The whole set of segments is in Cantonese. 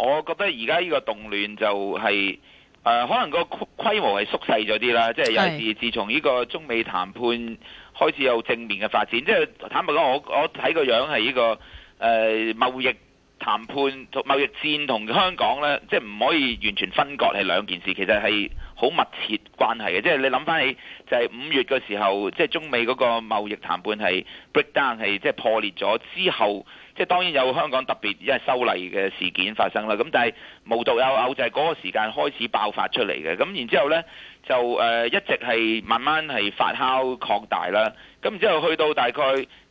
我覺得而家呢個動亂就係誒，可能個規模係縮細咗啲啦。即係由自從呢個中美談判開始有正面嘅發展，即係坦白講，我我睇個樣係呢個誒貿易談判，貿易戰同香港呢，即係唔可以完全分割係兩件事，其實係好密切關係嘅。即係你諗翻起就係五月嘅時候，即係中美嗰個貿易談判係 breakdown 係即係破裂咗之後。即係當然有香港特別，一係修例嘅事件發生啦，咁但係無獨有偶就係嗰個時間開始爆發出嚟嘅，咁然之後咧就誒一直係慢慢係發酵擴大啦，咁然之後去到大概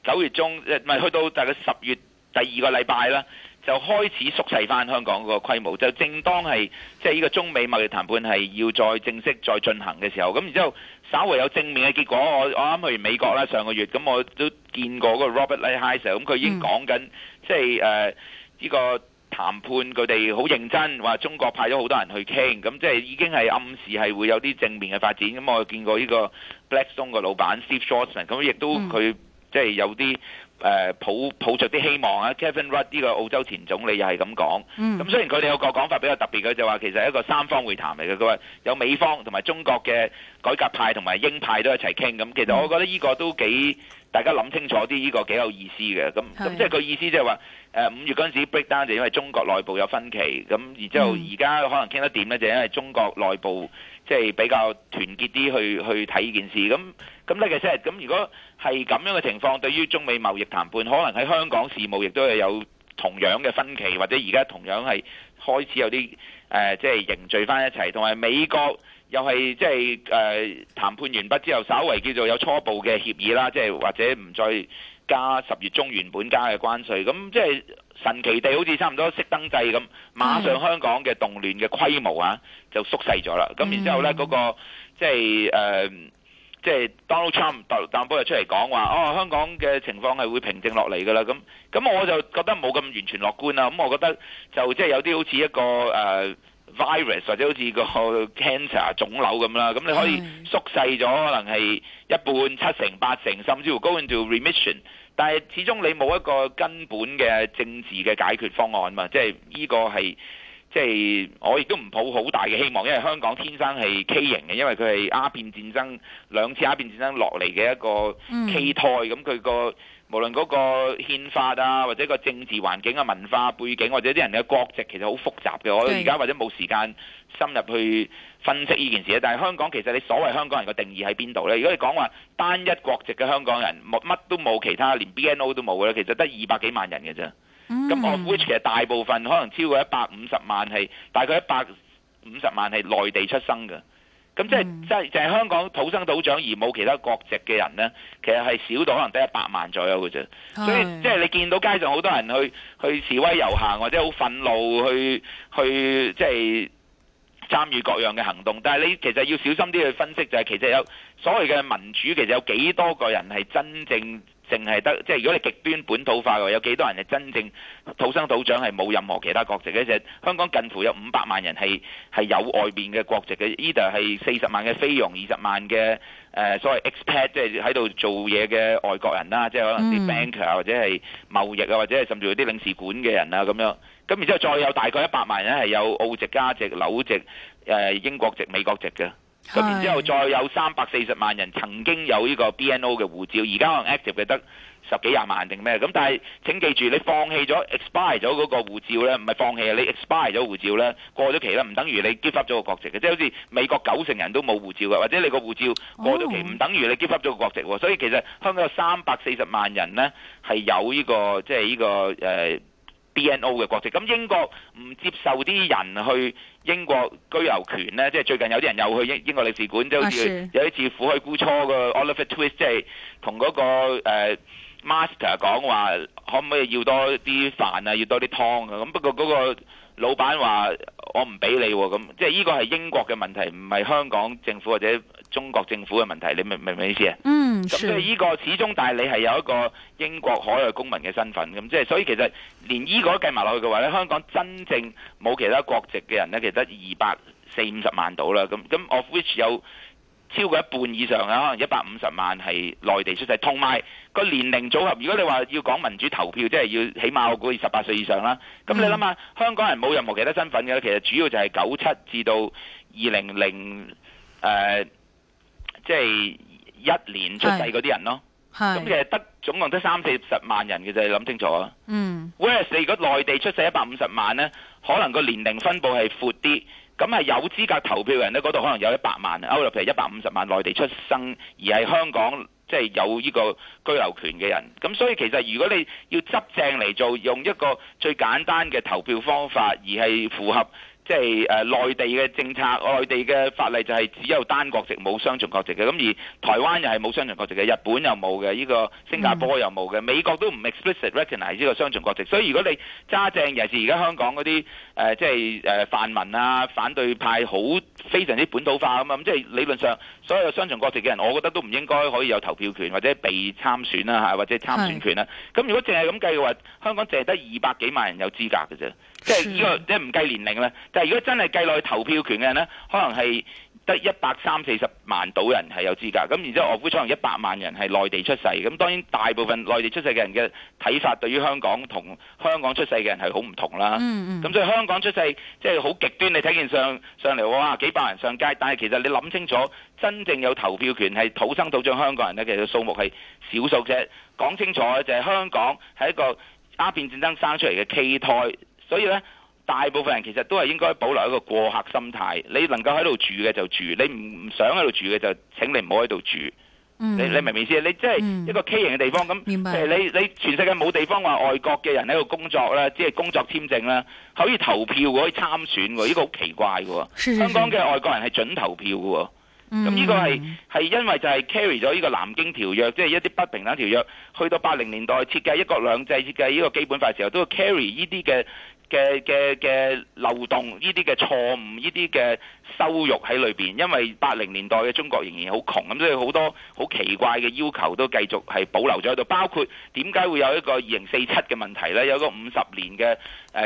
九月中，誒唔係去到大概十月第二個禮拜啦。就開始縮細翻香港個規模，就正當係即係呢個中美貿易談判係要再正式再進行嘅時候，咁然之後稍為有正面嘅結果，我我啱去美國啦，上個月咁我都見過嗰個 Robert Lighthizer，咁佢已經講緊即係誒呢個談判佢哋好認真，話中國派咗好多人去傾，咁即係已經係暗示係會有啲正面嘅發展。咁我見過呢個 Blackstone 個老闆 Steve Schwarzman，咁亦都佢即係有啲。誒、呃、抱抱着啲希望啊，Kevin Rudd 呢個澳洲前總理又係咁講。咁、嗯、雖然佢哋有個講法比較特別，嘅，就話其實係一個三方會談嚟嘅，佢話有美方同埋中國嘅改革派同埋鷹派、都一齊傾。咁其實我覺得呢個都幾。大家諗清楚啲，呢個幾有意思嘅。咁咁即係個意思，即係話誒五月嗰陣時 breakdown 就因為中國內部有分歧，咁然之後而家可能傾得點咧，就因為中國內部即係比較團結啲去去睇呢件事。咁咁呢其實咁，如果係咁樣嘅情況，對於中美貿易談判，可能喺香港事務亦都係有同樣嘅分歧，或者而家同樣係開始有啲誒即係凝聚翻一齊，同埋美國。又係即係誒談判完畢之後，稍微叫做有初步嘅協議啦，即係或者唔再加十月中原本加嘅關稅，咁即係神奇地好似差唔多熄燈掣咁，馬上香港嘅動亂嘅規模啊就縮細咗啦。咁然之後呢，嗰個即係誒即係 Donald Trump 特朗普又出嚟講話，哦香港嘅情況係會平靜落嚟㗎啦。咁咁我就覺得冇咁完全樂觀啦。咁我覺得就即係有啲好似一個誒，呃 virus 或者好似個 cancer 腫瘤咁啦，咁你可以縮細咗，可能係一半、七成、八成，甚至乎 go into remission。但係始終你冇一個根本嘅政治嘅解決方案嘛，即係呢個係即係我亦都唔抱好大嘅希望，因為香港天生係 K 型嘅，因為佢係鴉片戰爭兩次鴉片戰爭落嚟嘅一個胚胎，咁佢個。無論嗰個憲法啊，或者個政治環境啊、文化背景，或者啲人嘅國籍，其實好複雜嘅。我而家或者冇時間深入去分析呢件事。但係香港其實你所謂香港人嘅定義喺邊度呢？如果你講話單一國籍嘅香港人，乜都冇其他，連 BNO 都冇嘅，其實得二百幾萬人嘅啫。咁、嗯、我估其實大部分可能超過一百五十萬係，大概一百五十萬係內地出生嘅。咁即係即係香港土生土長而冇其他國籍嘅人呢，其實係少到可能得一百萬左右嘅啫。所以即係你見到街上好多人去去示威遊行或者好憤怒去去即係參與各樣嘅行動，但係你其實要小心啲去分析就係其實有所謂嘅民主，其實有幾多個人係真正？淨係得即係如果你極端本土化嘅話有幾多人係真正土生土長係冇任何其他國籍嘅？即係香港近乎有五百萬人係係有外邊嘅國籍嘅，依度係四十萬嘅菲傭，二十萬嘅誒、呃、所謂 expat 即係喺度做嘢嘅外國人啦，即係可能啲 banker 或者係貿易啊或者係甚至有啲領事館嘅人啊。咁樣。咁然之後再有大概一百萬人係有澳籍、加籍、紐籍、誒、呃、英國籍、美國籍嘅。咁然之後，再有三百四十萬人曾經有呢個 BNO 嘅護照，而家可能 active 嘅得十幾廿萬定咩？咁但係請記住，你放棄咗 expire 咗嗰個護照咧，唔係放棄啊！你 expire 咗護照咧，過咗期啦，唔等於你 give up 咗個國籍嘅，即係好似美國九成人都冇護照嘅，或者你個護照過咗期，唔等於你 give up 咗個國籍喎。Oh. 所以其實香港有三百四十萬人咧係有呢個即係呢個誒。呃 D N O 嘅國籍，咁英國唔接受啲人去英國居留權咧，即係最近有啲人又去英英國領事館，即係好、啊、有似有啲自苦去孤雛個 Oliver Twist，即係同嗰個 Master 講話，可唔可以要多啲飯啊，要多啲湯啊？咁不過嗰、那個。老闆話：我唔俾你喎，咁即係呢個係英國嘅問題，唔係香港政府或者中國政府嘅問題，你明唔明我意思啊？嗯，是。咁所以呢個始終，但你係有一個英國海外公民嘅身份，咁即係所以其實連呢個計埋落去嘅話咧，香港真正冇其他國籍嘅人咧，其實得二百四五十萬到啦，咁咁，of which 有。超過一半以上啊，可能一百五十萬係內地出世，同埋個年齡組合。如果你話要講民主投票，即係要起碼我估十八歲以上啦。咁你諗下，嗯，香港人冇任何其他身份嘅，其實主要就係九七至到二零零誒，即係一年出世嗰啲人咯。咁其實得總共得三四十萬人嘅啫，諗清楚啊。嗯，whereas 如果內地出世一百五十萬呢，可能個年齡分佈係闊啲。咁係有資格投票嘅人咧，嗰度可能有一百萬，歐陸譬如一百五十萬內地出生而係香港即係、就是、有呢個居留權嘅人，咁所以其實如果你要執正嚟做，用一個最簡單嘅投票方法，而係符合。即係誒內地嘅政策，內地嘅法例就係只有單國籍冇雙重國籍嘅，咁而台灣又係冇雙重國籍嘅，日本又冇嘅，呢個新加坡又冇嘅，美國都唔 explicit recognize 呢個雙重國籍，所以如果你揸正尤其是，而家香港嗰啲誒即係誒泛民啊，反對派好非常之本土化咁嘛。咁即係理論上所有雙重國籍嘅人，我覺得都唔應該可以有投票權或者被參選啦吓，或者參選權啦。咁如果淨係咁計嘅話，香港淨係得二百幾萬人有資格嘅啫。即係呢個即係唔計年齡咧，但係如果真係計落去投票權嘅人咧，可能係得一百三四十萬度人係有資格。咁然之後，我估彩虹一百萬人係內地出世。咁當然大部分內地出世嘅人嘅睇法對於香港同香港出世嘅人係好唔同啦。咁、嗯嗯、所以香港出世即係好極端。你睇見上上嚟話哇幾百人上街，但係其實你諗清楚，真正有投票權係土生土長香港人咧，其實數目係少數啫。講清楚就係、是、香港係一個鴉片戰爭生出嚟嘅畸胎。所以咧，大部分人其實都係應該保留一個過客心態。你能夠喺度住嘅就住，你唔唔想喺度住嘅就請你唔好喺度住。你、嗯、你明唔明意思？你即係一個 K 型嘅地方咁，你你全世界冇地方話外國嘅人喺度工作啦，即係工作簽證啦，可以投票，可以參選喎，呢個好奇怪嘅。是是是香港嘅外國人係準投票嘅。咁、嗯、呢個係係因為就係 carry 咗呢個南京條約，即係一啲不平等條約，去到八零年代設計一國兩制設計呢個基本法的時候，都會 carry 呢啲嘅。嘅嘅嘅漏洞，呢啲嘅錯誤，呢啲嘅羞辱喺裏邊，因為八零年代嘅中國仍然好窮，咁所以好多好奇怪嘅要求都繼續係保留咗喺度，包括點解會有一個二零四七嘅問題呢？有個五十年嘅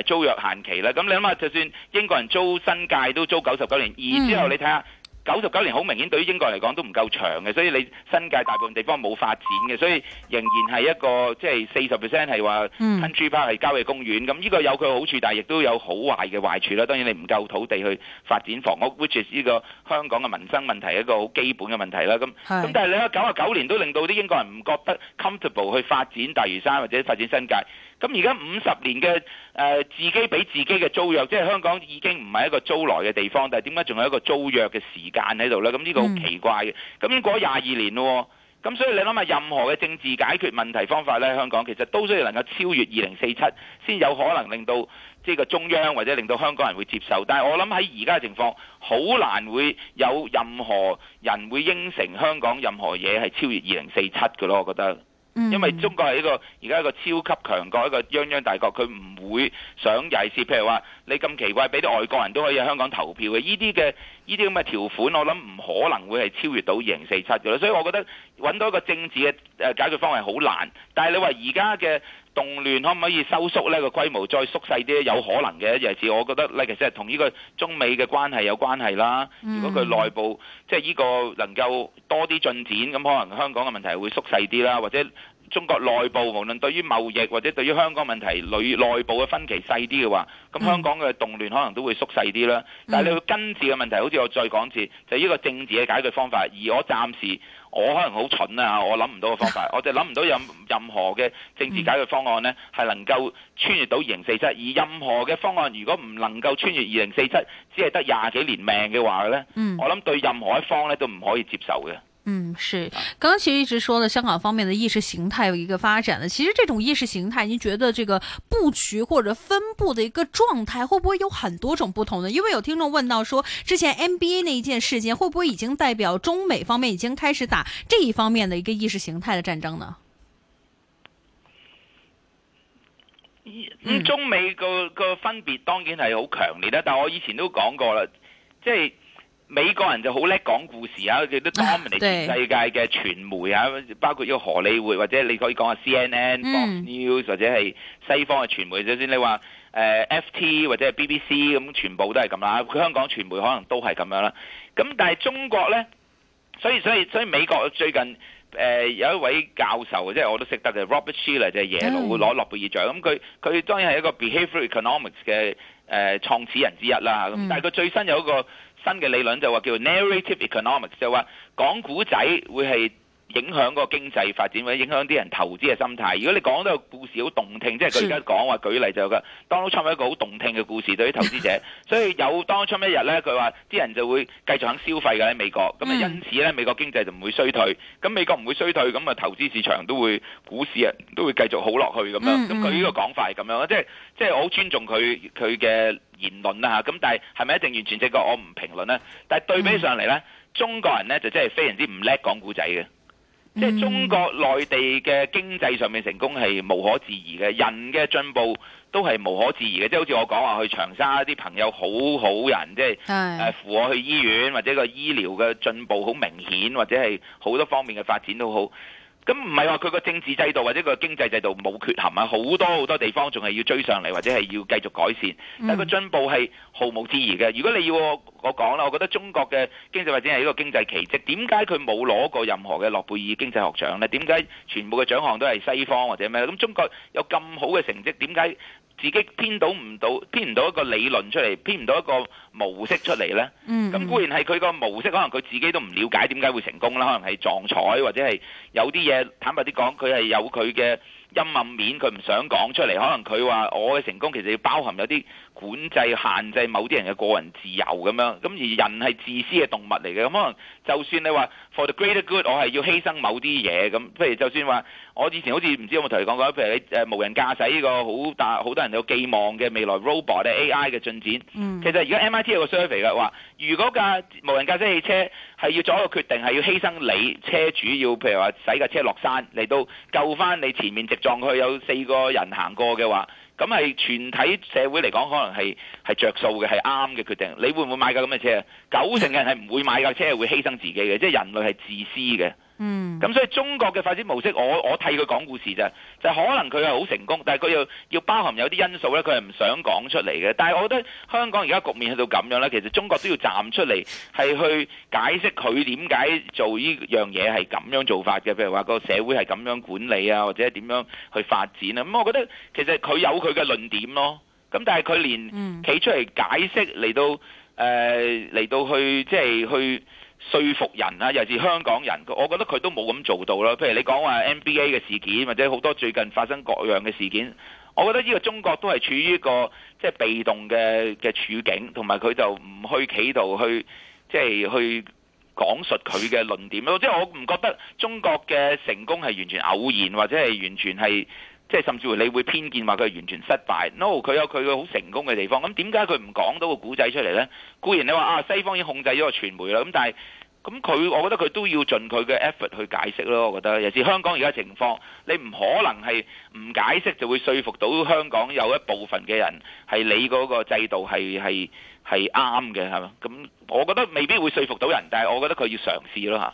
誒租約限期咧，咁你諗下，就算英國人租新界都租九十九年，然之後你睇下。嗯九十九年好明顯對於英國嚟講都唔夠長嘅，所以你新界大部分地方冇發展嘅，所以仍然係一個即係四十 percent 係話 country park 係郊野公園，咁呢個有佢好處，但係亦都有好壞嘅壞處啦。當然你唔夠土地去發展房屋，which is 呢個香港嘅民生問題一個好基本嘅問題啦。咁咁但係你喺九啊九年都令到啲英國人唔覺得 comfortable 去發展大嶼山或者發展新界。咁而家五十年嘅誒自己俾自己嘅租約，即係香港已經唔係一個租來嘅地方，但係點解仲有一個租約嘅時間喺度呢？咁呢個好奇怪嘅。咁過咗廿二年咯，咁所以你諗下，任何嘅政治解決問題方法呢，香港其實都需要能夠超越二零四七，先有可能令到即係個中央或者令到香港人會接受。但係我諗喺而家嘅情況，好難會有任何人會應承香港任何嘢係超越二零四七嘅咯，我覺得。因為中國係一個而家一個超級強國，一個泱泱大國，佢唔會想曳事。譬如話，你咁奇怪，俾啲外國人都可以喺香港投票嘅，呢啲嘅呢啲咁嘅條款，我諗唔可能會係超越到二零四七嘅。所以我覺得揾到一個政治嘅誒解決方案好難。但係你話而家嘅，動亂可唔可以收縮呢個規模再縮細啲，有可能嘅。尤其是我覺得呢其實係同呢個中美嘅關係有關係啦。如果佢內部即係呢個能夠多啲進展，咁可能香港嘅問題會縮細啲啦。或者中國內部無論對於貿易或者對於香港問題內部嘅分歧細啲嘅話，咁香港嘅動亂可能都會縮細啲啦。但係你去根治嘅問題，好似我再講一次，就係呢個政治嘅解決方法。而我暫時。我可能好蠢啊！我諗唔到個方法，我哋諗唔到任任何嘅政治解決方案呢，係、嗯、能夠穿越到二零四七。而任何嘅方案，如果唔能夠穿越二零四七，只係得廿幾年命嘅話呢，我諗對任何一方呢，都唔可以接受嘅。嗯，是。剛剛其實一直說的香港方面的意識形態有一個發展了，其實這種意識形態，您覺得這個布局或者分布的一個狀態，會不會有很多種不同的？因為有聽眾問到說，之前 NBA 那一件事件，會不會已經代表中美方面已經開始打這一方面的一個意識形態的戰爭呢？嗯、中美個個分別當然係好強烈啦。但我以前都講過了，即係。美國人就好叻講故事嚇，佢哋都當人哋全世界嘅傳媒嚇、啊，包括依個荷里活或者你可以講下 CNN、嗯、Fox、News，或者係西方嘅傳媒，首先你話、呃、FT 或者係 BBC 咁，全部都係咁啦。佢香港傳媒可能都係咁樣啦。咁但係中國咧，所以所以所以美國最近、呃、有一位教授，即係我都識得嘅 Robert Shiller 就係耶魯攞諾貝爾獎，咁佢佢當然係一個 behavioral economics 嘅。誒、呃，創始人之一啦，咁但係佢最新有一個新嘅理論，就話叫做 Narrative Economics，就話講古仔會係。影響個經濟發展或者影響啲人投資嘅心態。如果你講到個故事好動聽，即係佢而家講話舉例就有 Donald Trump 一個好動聽嘅故事對啲投資者。 所以有 Donald Trump 一日呢，佢話啲人就會繼續肯消費㗎喺美國。咁、嗯、啊，因此呢，美國經濟就唔會衰退。咁美國唔會衰退，咁啊投資市場都會股市啊都會繼續好落去咁樣。咁佢呢個講法係咁樣，即係即係我好尊重佢佢嘅言論啦嚇。咁但係係咪一定完全正確？我唔評論呢。但係對比上嚟呢、嗯，中國人呢就真係非常之唔叻講古仔嘅。即係中國內地嘅經濟上面成功係無可置疑嘅，人嘅進步都係無可置疑嘅。即係好似我講話去長沙啲朋友好好人，即係誒扶我去醫院或者個醫療嘅進步好明顯，或者係好多方面嘅發展都好。咁唔係話佢個政治制度或者個經濟制度冇缺陷啊，好多好多地方仲係要追上嚟或者係要繼續改善，但係佢進步係毫無置疑嘅。如果你要我講啦，我覺得中國嘅經濟發展係一個經濟奇蹟。點解佢冇攞過任何嘅諾貝爾經濟學獎呢？點解全部嘅獎項都係西方或者咩？咁中國有咁好嘅成績，點解？自己編到唔到，編唔到一個理論出嚟，編唔到一個模式出嚟咧。咁、嗯、固、嗯、然係佢個模式，可能佢自己都唔了解點解會成功啦。可能係撞彩，或者係有啲嘢坦白啲講，佢係有佢嘅。陰暗面佢唔想講出嚟，可能佢話我嘅成功其實要包含有啲管制、限制某啲人嘅個人自由咁樣。咁而人係自私嘅動物嚟嘅，咁可能就算你話 for the greater good，我係要犧牲某啲嘢咁。譬如就算話我以前好似唔知有冇同你講過，譬如你誒無人駕駛呢個好大好多人有寄望嘅未來 robot 咧 AI 嘅進展。嗯、其實而家 MIT 有個 survey 嘅話，如果架無人駕駛汽車係要做一個決定，係要犧牲你車主要譬如話使架車落山嚟到救翻你前面直。撞佢有四個人行過嘅話，咁係全體社會嚟講，可能係係着數嘅，係啱嘅決定。你會唔會買架咁嘅車啊？九成嘅人係唔會買架車，係會犧牲自己嘅，即係人類係自私嘅。嗯，咁所以中國嘅發展模式，我我替佢講故事啫，就係可能佢係好成功，但係佢又要包含有啲因素咧，佢係唔想講出嚟嘅。但係我覺得香港而家局面去到咁樣咧，其實中國都要站出嚟，係去解釋佢點解做呢樣嘢係咁樣做法嘅，譬如話個社會係咁樣管理啊，或者係點樣去發展啊。咁我覺得其實佢有佢嘅論點咯，咁但係佢連企出嚟解釋嚟到誒嚟到去即係去。說服人啊，尤其是香港人，我覺得佢都冇咁做到啦。譬如你講話 NBA 嘅事件，或者好多最近發生各樣嘅事件，我覺得呢個中國都係處於一個即係、就是、被動嘅嘅處境，同埋佢就唔去企度企圖去即係、就是、去講述佢嘅論點咯。即、就、係、是、我唔覺得中國嘅成功係完全偶然，或者係完全係。即係甚至乎你會偏見話佢係完全失敗，no，佢有佢嘅好成功嘅地方。咁點解佢唔講到個古仔出嚟呢？固然你話啊，西方已經控制咗個傳媒啦，咁但係咁佢，我覺得佢都要盡佢嘅 effort 去解釋咯。我覺得尤其是香港而家情況，你唔可能係唔解釋就會說服到香港有一部分嘅人係你嗰個制度係係係啱嘅係嘛？咁我覺得未必會說服到人，但係我覺得佢要嘗試咯。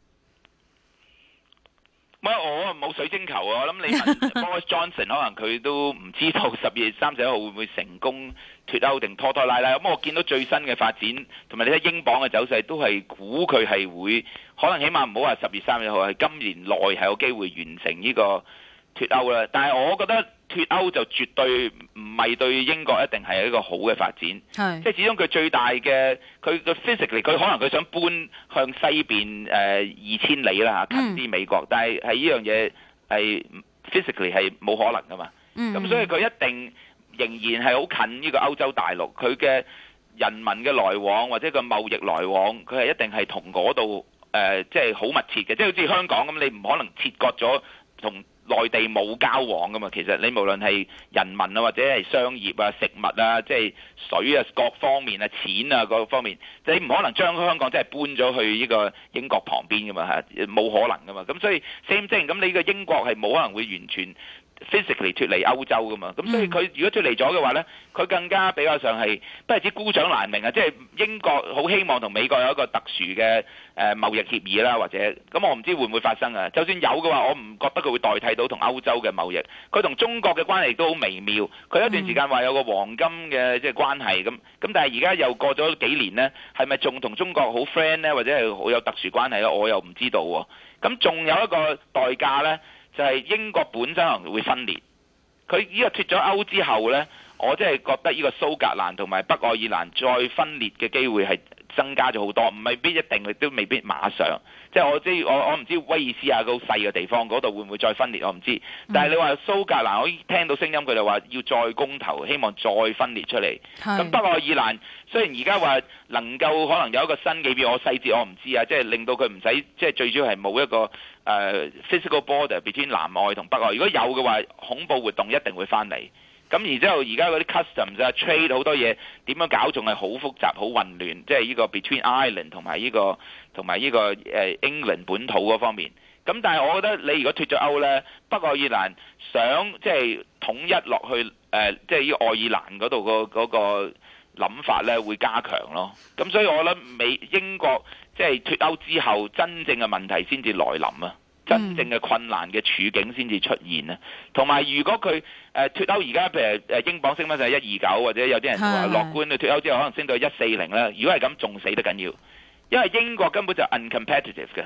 乜我冇水晶球啊！我諗你問 Boris Johnson， 可能佢都唔知道十二月三十一號會唔會成功脱歐定拖拖拉拉。咁、嗯、我見到最新嘅發展，同埋你睇英鎊嘅走勢，都係估佢係會可能起碼唔好話十二月三十一號，係今年內係有機會完成呢個脱歐啦。但係我覺得，脱歐就絕對唔係對英國一定係一個好嘅發展，即係始終佢最大嘅佢嘅 physically 佢可能佢想搬向西邊誒二千里啦，嚇，近啲美國，嗯、但係喺呢樣嘢係 physically 係冇可能噶嘛，咁、嗯嗯、所以佢一定仍然係好近呢個歐洲大陸，佢嘅人民嘅來往或者個貿易來往，佢係一定係同嗰度誒即係好密切嘅，即、就、係、是、好似香港咁，你唔可能切割咗同。內地冇交往噶嘛，其實你無論係人民啊，或者係商業啊、食物啊、即係水啊各方面啊、錢啊各方面，你唔可能將香港真係搬咗去呢個英國旁邊噶嘛，冇可能噶嘛，咁所以 same n g 咁你個英國係冇可能會完全 physically 脱離歐洲㗎嘛，咁所以佢如果脱離咗嘅話呢，佢更加比較上係不只孤掌難鳴啊！即係英國好希望同美國有一個特殊嘅誒貿易協議啦，或者咁我唔知會唔會發生啊！就算有嘅話，我唔覺得佢會代替到同歐洲嘅貿易。佢同中國嘅關係都好微妙。佢有一段時間話有個黃金嘅即係關係咁，咁但係而家又過咗幾年呢，係咪仲同中國好 friend 呢，或者係好有特殊關係囉？我又唔知道喎。咁仲有一個代價呢。就係、是、英國本身可能會分裂，佢呢個脱咗歐之後呢，我真係覺得呢個蘇格蘭同埋北愛爾蘭再分裂嘅機會係增加咗好多，唔係必一定，佢都未必馬上。即係我即我我唔知道威爾斯啊，好細嘅地方嗰度會唔會再分裂，我唔知。但係你話蘇格蘭我聽到聲音，佢就話要再公投，希望再分裂出嚟。咁北愛爾蘭雖然而家話能夠可能有一個新嘅變，我細節我唔知啊，即係令到佢唔使即係最主要係冇一個。誒、uh, physical border between 南愛同北愛如果有嘅話，恐怖活動一定會翻嚟。咁然之後，而家嗰啲 customs 啊、trade 好多嘢點樣搞，仲係好複雜、好混亂。即係呢個 between Ireland 同埋、這、呢個同埋呢個誒 England 本土嗰方面。咁但係我覺得你如果脱咗歐呢，北愛爾蘭想即係、就是、統一落去誒，即係呢愛爾蘭嗰度個嗰諗、那個、法呢會加強咯。咁所以我覺得美英國。即係脱歐之後，真正嘅問題先至來臨啊！真正嘅困難嘅處境先至出現啊。同埋，如果佢誒脱歐而家，譬如誒英鎊升翻就係一二九，或者有啲人話樂觀，脱歐之後可能升到一四零啦。如果係咁，仲死得緊要，因為英國根本就 uncompetitive 嘅。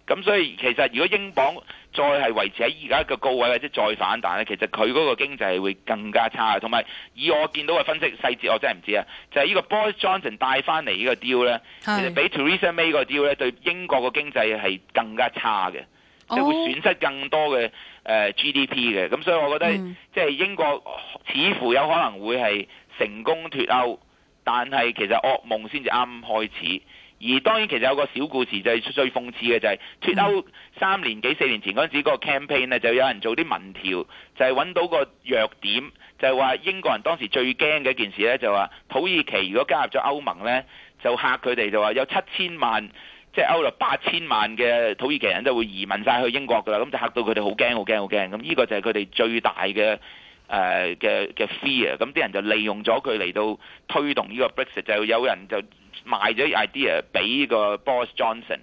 咁所以其實如果英鎊再係維持喺而家嘅高位或者、就是、再反彈咧，其實佢嗰個經濟係會更加差嘅。同埋以我見到嘅分析細節，我真係唔知啊。就係、是、呢個 Boris Johnson 帶翻嚟呢個 deal 咧，其實比 Theresa May 個 deal 咧對英國嘅經濟係更加差嘅，即、oh. 係會損失更多嘅誒 GDP 嘅。咁所以我覺得即係英國似乎有可能會係成功脱歐，但係其實噩夢先至啱開始。而當然其實有個小故事就係最諷刺嘅就係脱歐三年幾四年前嗰陣時個 campaign 呢，就有人做啲民調，就係揾到個弱點，就係話英國人當時最驚嘅一件事呢，就話土耳其如果加入咗歐盟呢，就嚇佢哋就話有七千萬，即係歐立八千萬嘅土耳其人就會移民晒去英國㗎啦，咁就嚇到佢哋好驚好驚好驚，咁呢個就係佢哋最大嘅誒嘅嘅 fear，咁啲人就利用咗佢嚟到推動呢個 Brexit，就有人就。賣咗 idea 俾個 Boris Johnson，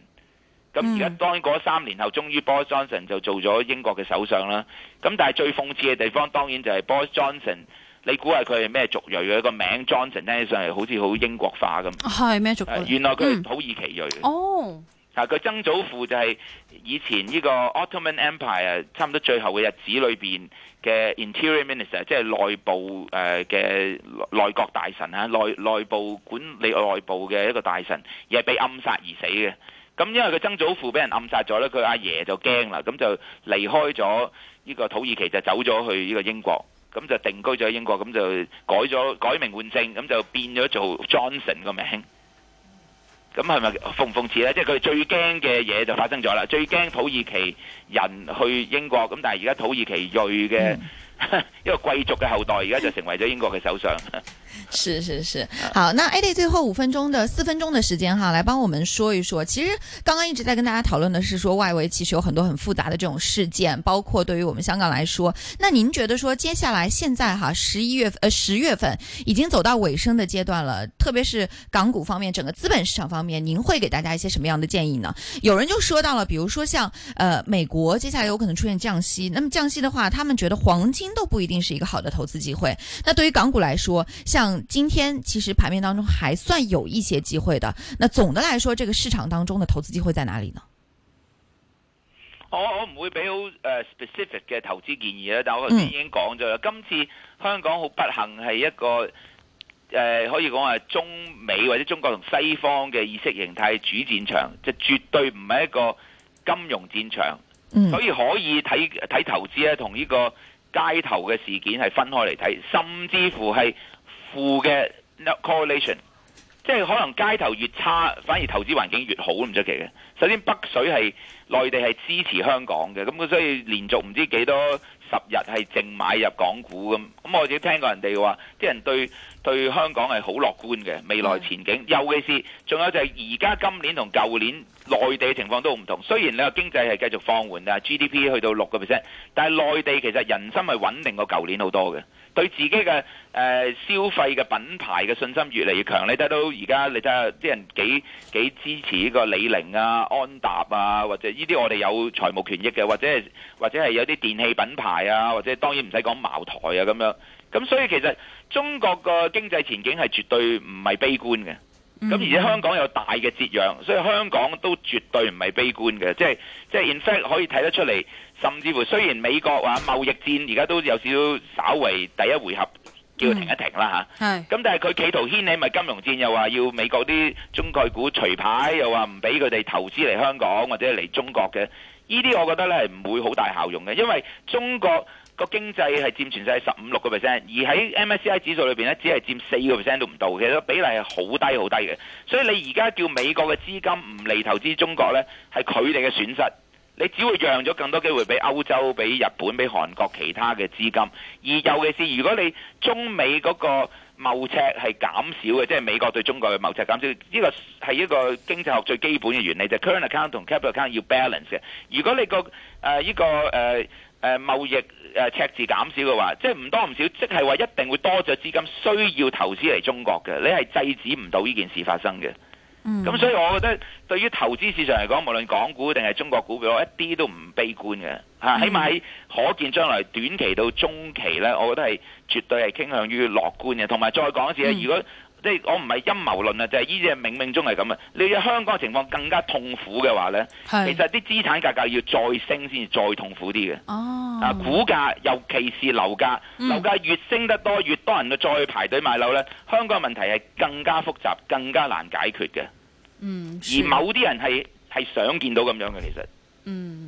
咁而家當然嗰三年後，終於 Boris Johnson 就做咗英國嘅首相啦。咁但係最諷刺嘅地方，當然就係 Boris Johnson，你估下佢係咩族裔嘅？個名 Johnson 聽起上嚟好似好英國化咁。係咩族裔？原來佢土耳其裔，嗯。哦。嗱，佢曾祖父就係以前呢個 Ottoman Empire 啊，差唔多最後嘅日子裏邊嘅 Interior Minister，即係內部誒嘅內閣大臣啊，內內部管理內部嘅一個大臣，而係被暗殺而死嘅。咁因為佢曾祖父俾人暗殺咗咧，佢阿爺就驚啦，咁就離開咗呢個土耳其就走咗去呢個英國，咁就定居咗喺英國，咁就改咗改名換姓，咁就變咗做 Johnson 個名。咁係咪諷唔諷刺咧？即係佢最驚嘅嘢就發生咗啦，最驚土耳其人去英國。咁但係而家土耳其裔嘅。嗯 一個貴族的後代，而家就成為咗英國嘅首相 。是是是， 嗯、好，那 a d 最後五分鐘的四分鐘的時間哈，來幫我們說一說。其實剛剛一直在跟大家討論的是說，外圍其實有很多很複雜的這種事件，包括對於我們香港來說。那您覺得說，接下來現在哈十一月，呃十月份已經走到尾聲的階段了，特別是港股方面，整個資本市場方面，您會給大家一些什麼樣的建議呢？有人就說到了，比如說像，呃美國接下來有可能出現降息，那麼降息的話，他們覺得黃金。都不一定是一個好的投資機會。那對於港股來說，像今天其實盤面當中還算有一些機會的。那總的來說，這個市場當中的投資機會在哪裏呢？我我唔會俾好誒 specific 嘅投資建議咧，但我頭先已經講咗啦。今次香港好不幸係一個誒、呃，可以講係中美或者中國同西方嘅意識形態主戰場，就絕對唔係一個金融戰場。嗯、所以可以睇睇投資咧、啊，同呢、呢個。街頭嘅事件係分開嚟睇，甚至乎係負嘅 correlation，即係可能街頭越差，反而投資環境越好都唔出奇嘅。首先北水係內地係支持香港嘅，咁佢所以連續唔知幾多十日係淨買入港股咁。咁我哋都聽過人哋話，啲人對。對香港係好樂觀嘅未來前景，尤其是仲有就係而家今年同舊年內地情況都唔同。雖然你話經濟係繼續放緩啊，GDP 去到六個 percent，但係內地其實人心係穩定過舊年好多嘅，對自己嘅誒、呃、消費嘅品牌嘅信心越嚟越強。你睇到而家你睇下，啲人幾幾支持呢個李寧啊、安踏啊，或者呢啲我哋有財務權益嘅，或者係或者係有啲電器品牌啊，或者當然唔使講茅台啊咁樣。咁所以其實中國個經濟前景係絕對唔係悲觀嘅，咁而且香港有大嘅折讓，所以香港都絕對唔係悲觀嘅，即係即係 in fact 可以睇得出嚟。甚至乎雖然美國話貿易戰而家都有少少稍為第一回合叫停一停啦嚇，咁但係佢企圖掀起咪金融戰，又話要美國啲中概股除牌，又話唔俾佢哋投資嚟香港或者嚟中國嘅，呢啲我覺得咧係唔會好大效用嘅，因為中國，個經濟係佔全世界十五六個 percent，而喺 MSCI 指數裏邊呢只，只係佔四個 percent 都唔到。其實比例係好低好低嘅。所以你而家叫美國嘅資金唔嚟投資中國呢，係佢哋嘅損失。你只會讓咗更多機會俾歐洲、俾日本、俾韓國其他嘅資金。而尤其是如果你中美嗰個貿赤係減少嘅，即係美國對中國嘅貿赤減少，呢個係一個經濟學最基本嘅原理，就 current account 同 capital account 要 balance 嘅。如果你、呃這個誒依個誒，呃誒貿易誒赤字減少嘅話，即係唔多唔少，即係話一定會多咗資金需要投資嚟中國嘅，你係制止唔到呢件事發生嘅。嗯，咁所以我覺得對於投資市場嚟講，無論港股定係中國股票，我一啲都唔悲觀嘅吓、嗯。起碼喺可見將來短期到中期呢，我覺得係絕對係傾向於樂觀嘅。同埋再講一次咧、嗯，如果即係我唔係陰謀論啊，就係呢啲係冥冥中係咁啊！你香港嘅情況更加痛苦嘅話呢，其實啲資產價格要再升先至再痛苦啲嘅。哦，啊，股價尤其是樓價，嗯，樓價越升得多，越多人去再排隊買樓呢，香港問題係更加複雜，更加難解決嘅。嗯，而某啲人係係想見到咁樣嘅其實。嗯。